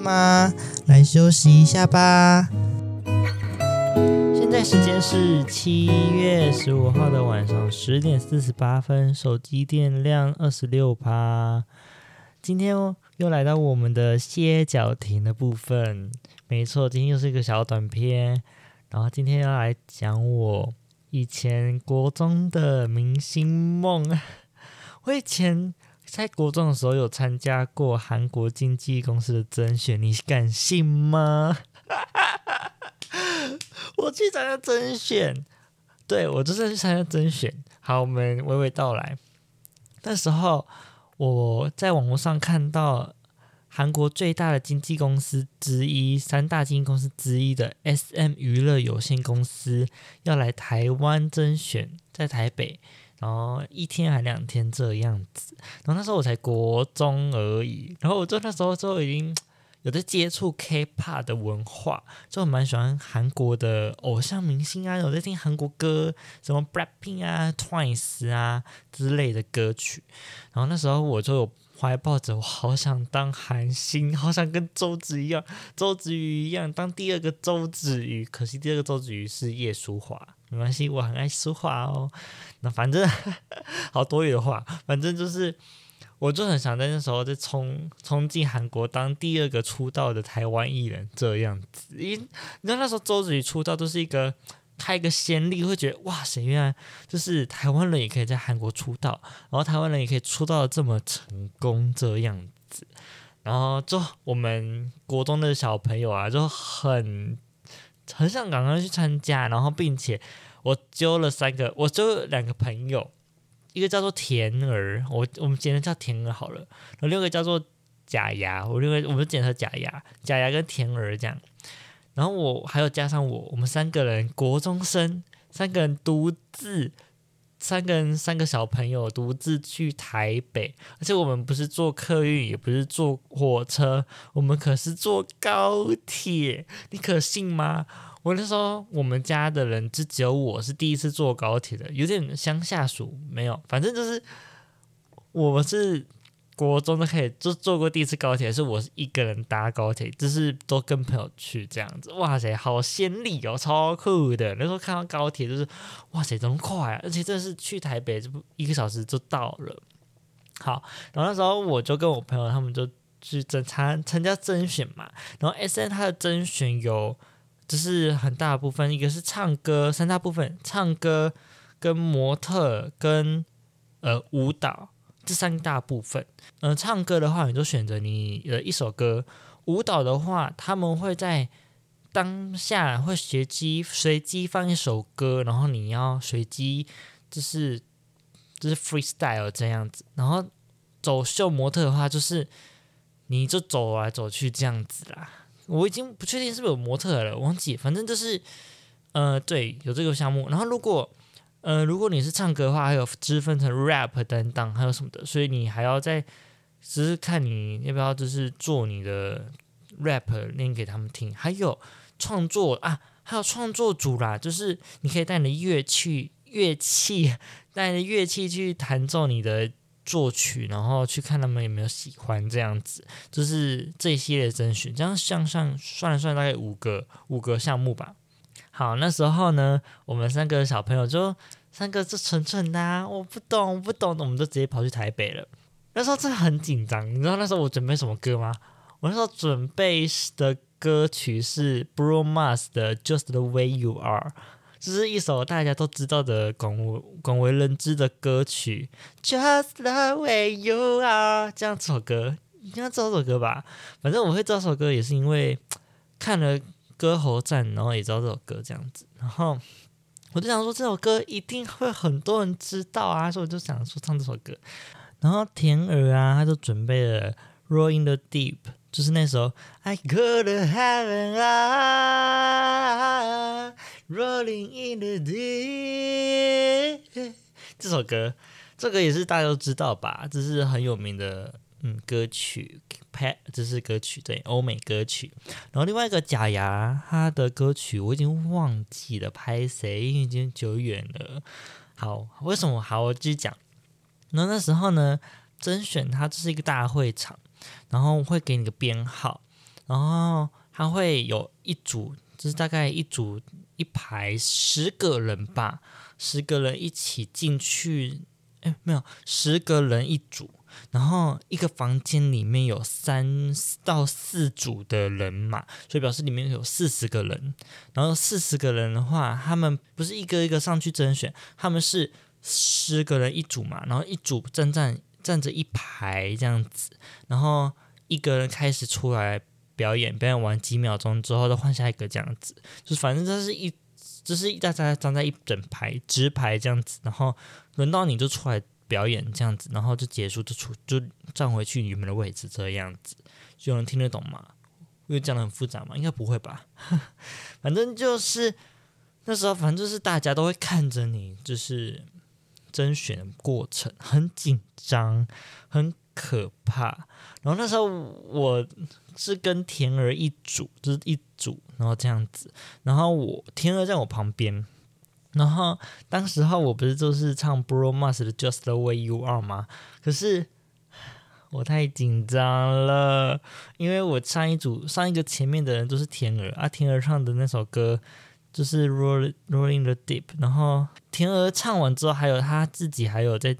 嗎？來休息一下吧。現在時間是七月十五號的晚上十點四十八分，手機電量二十六趴。今天又來到我們的歇腳亭的部分。沒錯，今天又是一個小短片。然後今天要來講我以前國中的明星夢。我以前。在國中的時候，有參加過韓國經紀公司的徵選，你敢信嗎？ 我去參加徵選，對，我就是去參加徵選。好，我們娓娓道來。那時候我在網絡上看到韓國最大的經紀公司之一，三大經紀公司之一的 S M 娛樂有限公司要來台灣徵選，在台北。然後一天還兩天這樣子，然後那時候我才國中而已，然後我就那時候就已經有在接觸 K-pop 的文化，就蠻喜歡韓國的偶、哦、像明星啊，有在聽韓國歌，什麼 BLACKPINK 啊、TWICE 啊之類的歌曲。然後那時候我就懷抱着我好想當韓星，好想跟周子一樣，周子瑜一樣當第二個周子瑜，可惜第二個周子瑜是葉舒華。沒關係，我很愛說話哦。那反正呵呵好多餘的話，反正就是，我就很想在那時候就衝衝進韓國當第二個出道的台灣藝人這樣子。因為你知道那時候周子瑜出道都是一個開一個先例，會覺得哇誰原來就是台灣人也可以在韓國出道，然後台灣人也可以出道這麼成功這樣子。然後就我們國中的小朋友啊，就很。很想趕快去參加，然後並且我揪了三個，我揪了兩個朋友，一個叫做田兒，我我們簡稱叫田兒好了，然後六個叫做假牙，我六個我們簡稱假牙，假牙、嗯、跟田兒這樣，然後我還有加上我，我們三個人國中生，三個人獨自。三個人，三個小朋友獨自去台北，而且我們不是坐客運，也不是坐火車，我們可是坐高鐵，你可信嗎？我就說，我們家的人就只有我是第一次坐高鐵的，有點鄉下屬，沒有，反正就是我是。國中都可以就坐過第一次高鐵，是我是一個人搭高鐵，就是都跟朋友去這樣子。哇塞，好先例哦，超酷的！那時候看到高鐵就是，哇塞，真快啊！而且這是去台北這不一個小時就到了。好，然後那時候我就跟我朋友，他們就去參參加徵選嘛。然後 SM 他的徵選有，就是很大部分一個是唱歌，三大部分唱歌跟模特跟呃舞蹈。這三大部分，嗯、呃，唱歌的話，你就選擇你的一首歌；舞蹈的話，他們會在當下會隨機隨機放一首歌，然後你要隨機就是就是 freestyle 這樣子。然後走秀模特的話，就是你就走來、啊、走去這樣子啦。我已經不確定是不是有模特了，我忘記，反正就是呃，對，有這個項目。然後如果呃，如果你是唱歌的話，還有之分成 rap 等等，還有什麼的，所以你還要再只是看你要不要，就是做你的 rap 念給他們聽，還有創作啊，還有創作組啦，就是你可以帶你的樂器，樂器帶樂器去彈奏你的作曲，然後去看他們有沒有喜歡這樣子，就是這一系列徵選，這樣想想算了算，大概五個五個項目吧。好，那時候呢，我們三個小朋友就三個就蠢蠢的，啊，我不懂，我不懂，我們就直接跑去台北了。那時候真的很緊張，你知道那時候我準備什麼歌嗎？我那時候準備的歌曲是 Bruno Mars 的 Just the Way You Are，這，就是一首大家都知道的廣廣為人知的歌曲。Just the Way You Are，這樣這首歌你應該知道這首歌吧？反正我會這首歌也是因為看了。歌喉讚，然後也知道這首歌這樣子，然後我就想說這首歌一定會很多人知道啊，所以我就想說唱這首歌。然後田兒啊，他就準備了《Rolling the Deep》，就是那首 I Could Have Been Rolling in the Deep 》這首歌，這個也是大家都知道吧，這是很有名的。嗯，歌曲拍，這是歌曲對，歐美歌曲。然後另外一個假牙他的歌曲我已經忘記了，拍誰？因為已經久遠了。好，為什麼好？我繼續講。那那時候呢，甄選它，這是一個大會場，然後會給你個編號，然後他會有一組，就是大概一組一排十個人吧，十個人一起進去。哎，沒有十個人一組。然後一個房間裡面有三到四組的人嘛，所以表示裡面有四十個人。然後四十個人的話，他們不是一個一個上去甄選，他們是十個人一組嘛，然後一組站站站着一排這樣子。然後一個人開始出來表演，表演完幾秒鐘之後，再換下一個這樣子。就反正就是一，就是大家站在一整排直排這樣子。然後輪到你就出來。表演這樣子，然後就結束就，就出就站回去你們的位置，這樣子，就能聽得懂嗎？因為講得很複雜嘛，應該不會吧？反正就是那時候，反正就是大家都會看着你，就是甄選的過程很緊張，很可怕。然後那時候我是跟天兒一組，就是一組，然後這樣子，然後我天兒在我旁邊。然後，當時候我不是就是唱 Bruno Mars 的 Just the Way You Are 嗎？可是我太緊張了，因為我上一組上一個前面的人都是田兒啊，田兒唱的那首歌就是 Rolling Rolling the Deep。然後田兒唱完之後，還有他自己還有在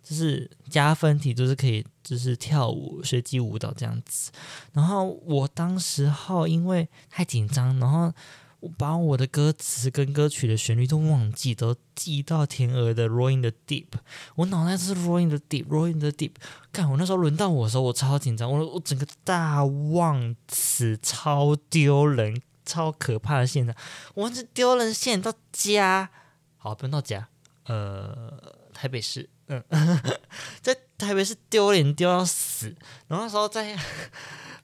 就是加分題，就是可以就是跳舞、隨機舞蹈這樣子。然後我當時候因為太緊張，然後。我把我的歌詞跟歌曲的旋律都忘記，都記到《天鵝的 Rolling in the Deep》，我腦袋就是 Rolling in the Deep，Rolling in the Deep。看我那時候輪到我的時候，我超緊張，我我整個大忘詞，超丟人，超可怕的現場，我這丟人現眼到家，好，不用到家，呃，台北市，嗯， 在台北市丟臉丟到死。然後那時候在。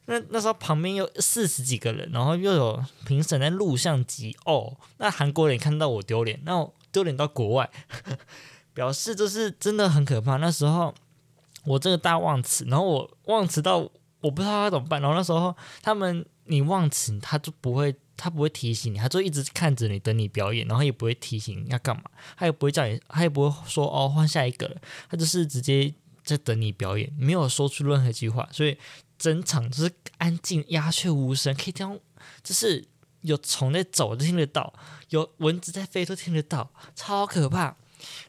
那那時候旁邊有四十幾個人，然後又有評審在錄像機哦，那韓國人看到我丟臉，那我丟臉到國外，呵呵表示就是真的很可怕。那時候我這個大忘詞，然後我忘詞到我不知道他怎麼辦。然後那時候他們你忘詞，他就不會，他不會提醒你，他就一直看着你等你表演，然後也不會提醒你要幹嘛，他也不會叫你，他也不會說哦換下一個，他就是直接在等你表演，沒有說出任何一句話，所以。整場就是安靜，鴉雀無聲，可以聽，就是有蟲在走都聽得到，有蚊子在飛都聽得到，超可怕。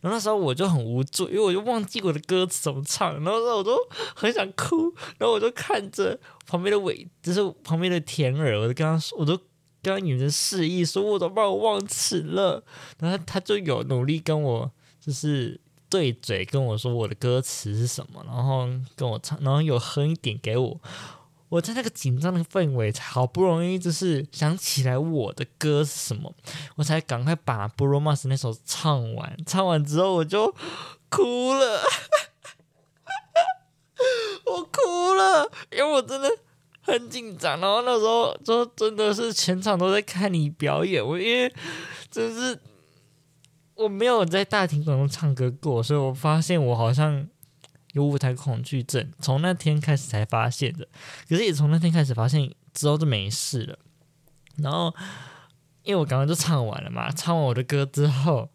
然後那時候我就很無助，因為我就忘記我的歌詞怎麼唱，然後那時候我就很想哭，然後我就看着旁邊的尾，就是旁邊的田兒，我就跟他，我就跟他你的說，我都跟那女生示意，說我都把我忘詞了，然後他，他就有努力跟我就是。對嘴跟我說我的歌詞是什麼，然後跟我唱，然後有哼一點給我。我在那個緊張的氛圍，才好不容易就是想起來我的歌是什麼，我才趕快把《Bromance》那首唱完。唱完之後我就哭了， 我哭了，因為我真的很緊張。然後那時候就真的是全場都在看你表演，我因為真是。我沒有在大庭廣眾唱歌過，所以我發現我好像有舞台恐懼症，從那天開始才發現的。可是也從那天開始發現之後就沒事了。然後，因為我剛剛就唱完了嘛，唱完我的歌之後，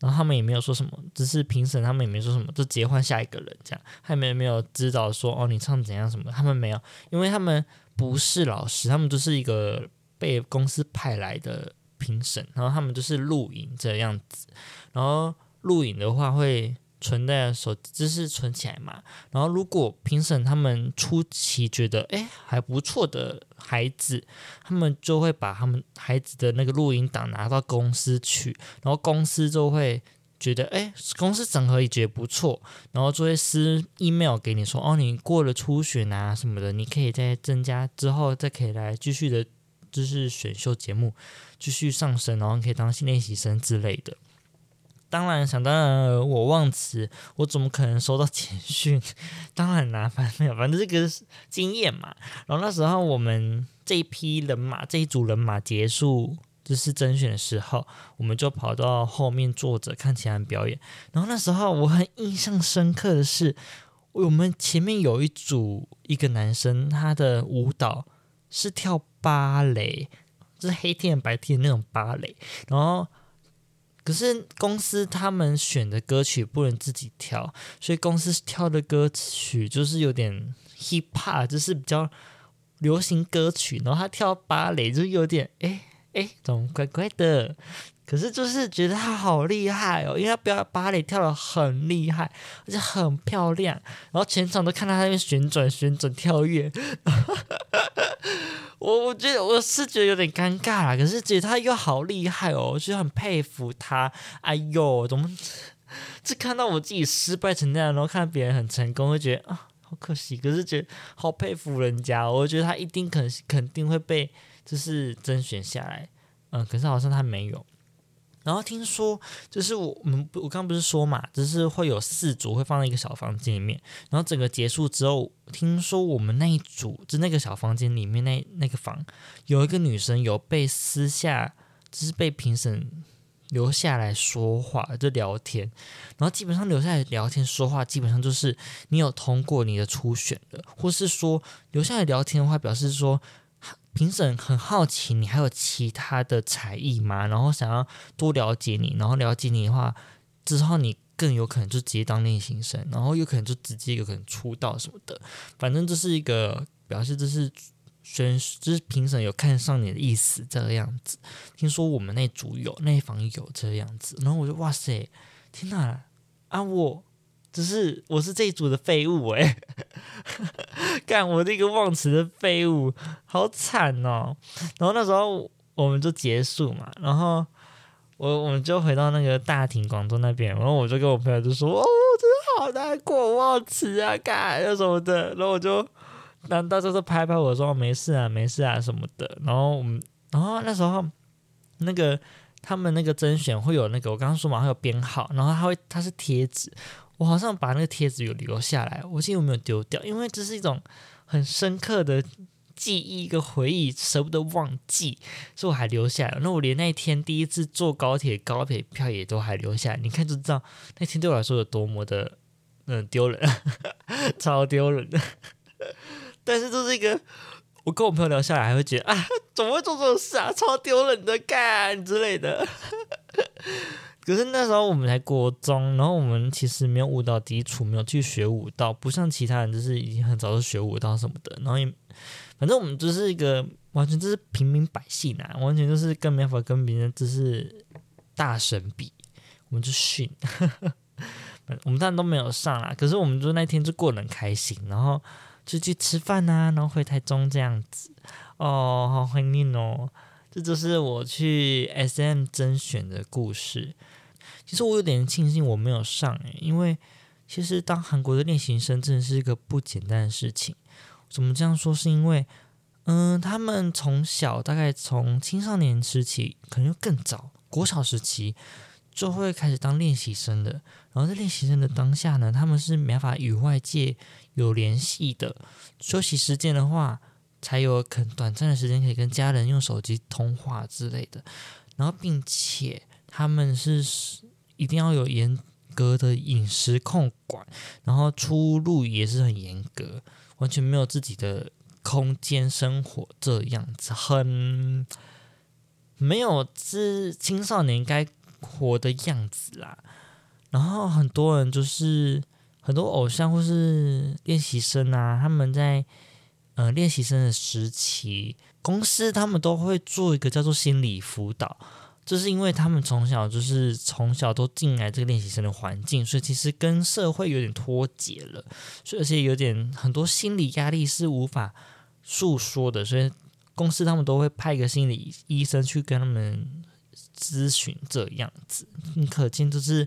然後他們也沒有說什麼，只是評審他們也沒有說什麼，就直接換下一個人這樣，他們也沒有沒有指導說哦，你唱怎樣什麼，他們沒有，因為他們不是老師，他們就是一個被公司派來的。評審，然後他們就是錄影這樣子，然後錄影的話會存在手機，就是存起來嘛。然後如果評審他們初期覺得，哎，還不錯的孩子，他們就會把他們孩子的那個錄影檔拿到公司去，然後公司就會覺得，哎，公司整合也覺得不錯，然後就會私 email 給你說，哦，你過了初選啊什麼的，你可以再增加之後，再可以來繼續的。就是選秀節目繼續上升，然後可以當練習生之類的。當然，想當然，我忘詞，我怎麼可能收到簡訊？當然麻煩了，反正這個是經驗嘛。然後那時候我們這一批人馬，這一組人馬結束就是甄選的時候，我們就跑到後面坐着看其他人表演。然後那時候我很印象深刻的是，我們前面有一組一個男生，他的舞蹈。是跳芭蕾，就是黑天白天的那種芭蕾。然後，可是公司他們選的歌曲不能自己跳，所以公司挑的歌曲就是有點 hip hop，就是比較流行歌曲。然後他跳芭蕾就有點，哎、欸、哎、欸，怎麼怪怪的？可是就是覺得他好厲害哦，因為他表演芭蕾跳得很厲害，而且很漂亮。然後全場都看到他那邊旋轉、旋轉、跳 躍。我我覺得我是覺得有點尷尬啦，可是覺得他又好厲害哦，我覺得很佩服他。哎喲，怎麼只看到我自己失敗成那樣，然後看到別人很成功，會覺得啊好可惜。可是覺得好佩服人家，我覺得他一定肯肯定會被就是甄選下來。嗯，可是好像他沒有。然後聽說，就是我我們我剛剛不是說嘛，就是會有四組會放在一個小房間裡面，然後整個結束之後，聽說我們那一組，就那個小房間裡面那那個房，有一個女生有被私下，就是被評審留下來說話，就聊天，然後基本上留下來聊天說話，基本上就是你有通過你的初選的，或是說留下來聊天的話，表示說。評審很好奇你還有其他的才藝嗎？然後想要多了解你，然後了解你的話，之後你更有可能就直接當練習生，然後有可能就直接有可能出道什麼的。反正這是一個表示，這是選，就是評審有看上你的意思，這個樣子。聽說我們那組有，那一房有這個樣子。然後我就哇塞，天吶，啊我，我只是我是這一組的廢物哎、欸。幹 我那個忘詞的廢物，好慘哦！然後那時候我們就結束嘛，然後我我們就回到那個大庭廣眾那邊，然後我就跟我朋友就說：“哦，真的好難過，忘詞啊，幹什麼的。”然後我就，然後大家都拍拍我說、哦：“沒事啊，沒事啊什麼的。”然後我們，然後那時候那個他們那個甄選會有那個我剛剛說嘛，他有編號，然後他會他是貼紙。我好像把那個貼紙有留下來，我記得有沒有丟掉，因為這是一種很深刻的記憶，一個回憶，舍不得忘記，所以我還留下來。那我連那天第一次坐高鐵，高鐵票也都還留下來。你看就知道，那天對我來說有多麼的嗯丟人，呵呵超丟人的。但是就是一個，我跟我朋友聊下來還會覺得啊，怎麼會做這種事啊，超丟人的，幹之類的。呵呵可是那時候我們才國中，然後我們其實沒有舞蹈基礎，沒有去學舞蹈，不像其他人就是已經很早就學舞蹈什麼的。然後也反正我們就是一個完全就是平民百姓啊，完全就是根本沒法跟別人就是大神比。我們就訓，我們當然都沒有上啦、啊，可是我們就那天就過得很開心，然後就去吃飯啊，然後回台中這樣子。哦，好懷念哦，這就是我去 S M 甄選的故事。其實我有點慶幸我沒有上誒，因為其實當韓國的練習生真的是一個不簡單的事情。怎麼這樣說？是因為，嗯、呃，他們從小大概從青少年時期，可能又更早，國小時期就會開始當練習生的。然後在練習生的當下呢，他們是沒法與外界有聯繫的。休息時間的話，才有可能短暫的時間可以跟家人用手機通話之類的。然後，並且他們是。一定要有嚴格的飲食控管，然後出入也是很嚴格，完全沒有自己的空間生活這樣子，很沒有是青少年該活的樣子啦。然後很多人就是很多偶像或是練習生啊，他們在呃練習生的時期，公司他們都會做一個叫做心理輔導。就是因為他們從小就是從小都進來這個練習生的環境，所以其實跟社會有點脫節了，所以而且有點很多心理壓力是無法訴說的，所以公司他們都會派一個心理醫生去跟他們諮詢，這樣子，你可見就是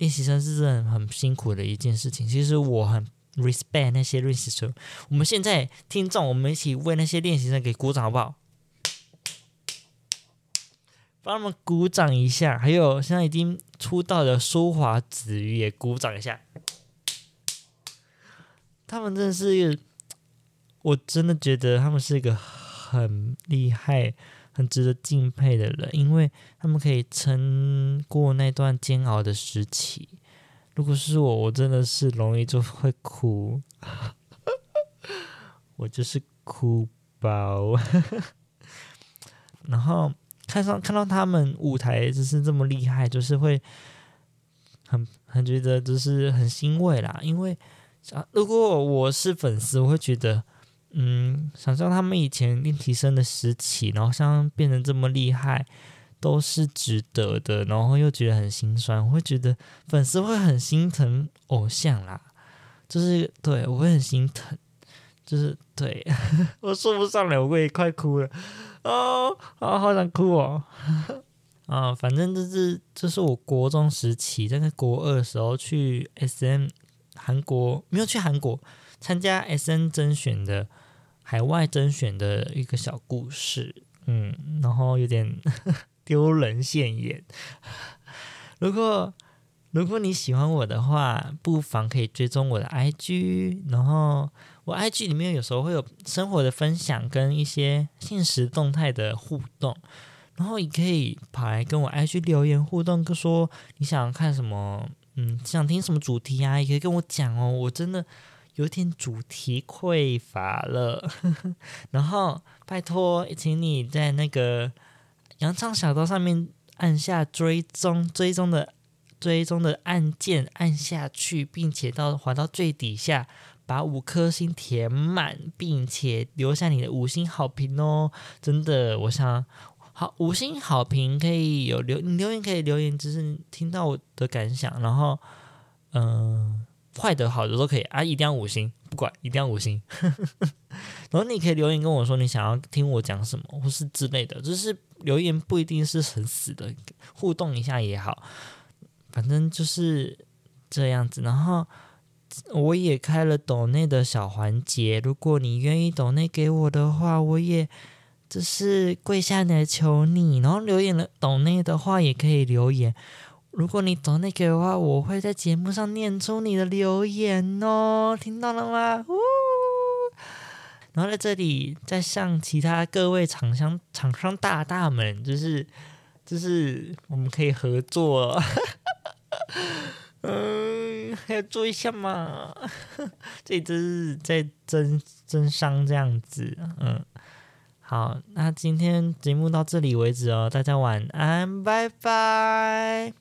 練習生是很很辛苦的一件事情。其實我很 respect 那些練習生，我們現在聽眾，我們一起為那些練習生給鼓掌好不好？幫他們鼓掌一下，還有現在已經出道的舒華子瑜也鼓掌一下。他們真的是一個，我真的覺得他們是一個很厲害、很值得敬佩的人，因為他們可以撐過那段煎熬的時期。如果是我，我真的是容易就會哭， 我就是哭包。 然後。看上看到他們舞台就是這麼厲害，就是會很很覺得就是很欣慰啦。因為想如果我是粉絲，我會覺得嗯，想象他們以前練習生的時期，然後像變成這麼厲害，都是值得的。然後又覺得很心酸，我會覺得粉絲會很心疼偶像啦，就是對我會很心疼，就是對， 我說不上來，我也快哭了。哦啊，好想哭哦！啊、 哦，反正這是這是我國中時期，在國二的時候去 S M 韓國沒有去韓國參加 S M 徵選的海外徵選的一個小故事。嗯，然後有點丟 人現眼。 如果如果你喜歡我的話，不妨可以追蹤我的 IG，然後。我 IG 裡面有時候會有生活的分享跟一些限時動態的互動，然後也可以跑來跟我 IG 留言互動，就說你想看什麼，嗯，想聽什麼主題啊，也可以跟我講哦。我真的有點主題匱乏了， 然後拜託，請你在那個羊腸小道上面按下追蹤追蹤的追蹤的按鍵按下去，並且到滑到最底下。把五顆星填滿，並且留下你的五星好評哦！真的，我想好五星好評可以有留，你留言可以留言，只、就是聽到我的感想，然後嗯，壞、呃、的、好的都可以啊，一定要五星，不管一定要五星呵呵。然後你可以留言跟我說你想要聽我講什麼，或是之類的，就是留言不一定是很死的，互動一下也好，反正就是這樣子。然後。我也開了抖內的小環節，如果你願意抖內給我的話，我也只是跪下來求你，然後留言了抖內的話也可以留言。如果你抖內給的話，我會在節目上念出你的留言哦，聽到了嗎？嗚。然後在這裡再向其他各位廠商廠商大大們，就是就是我們可以合作，哦， 嗯。注意 一下嘛， 這只是在增增傷這樣子，嗯，好，那今天節目到這裡為止哦，大家晚安，拜拜。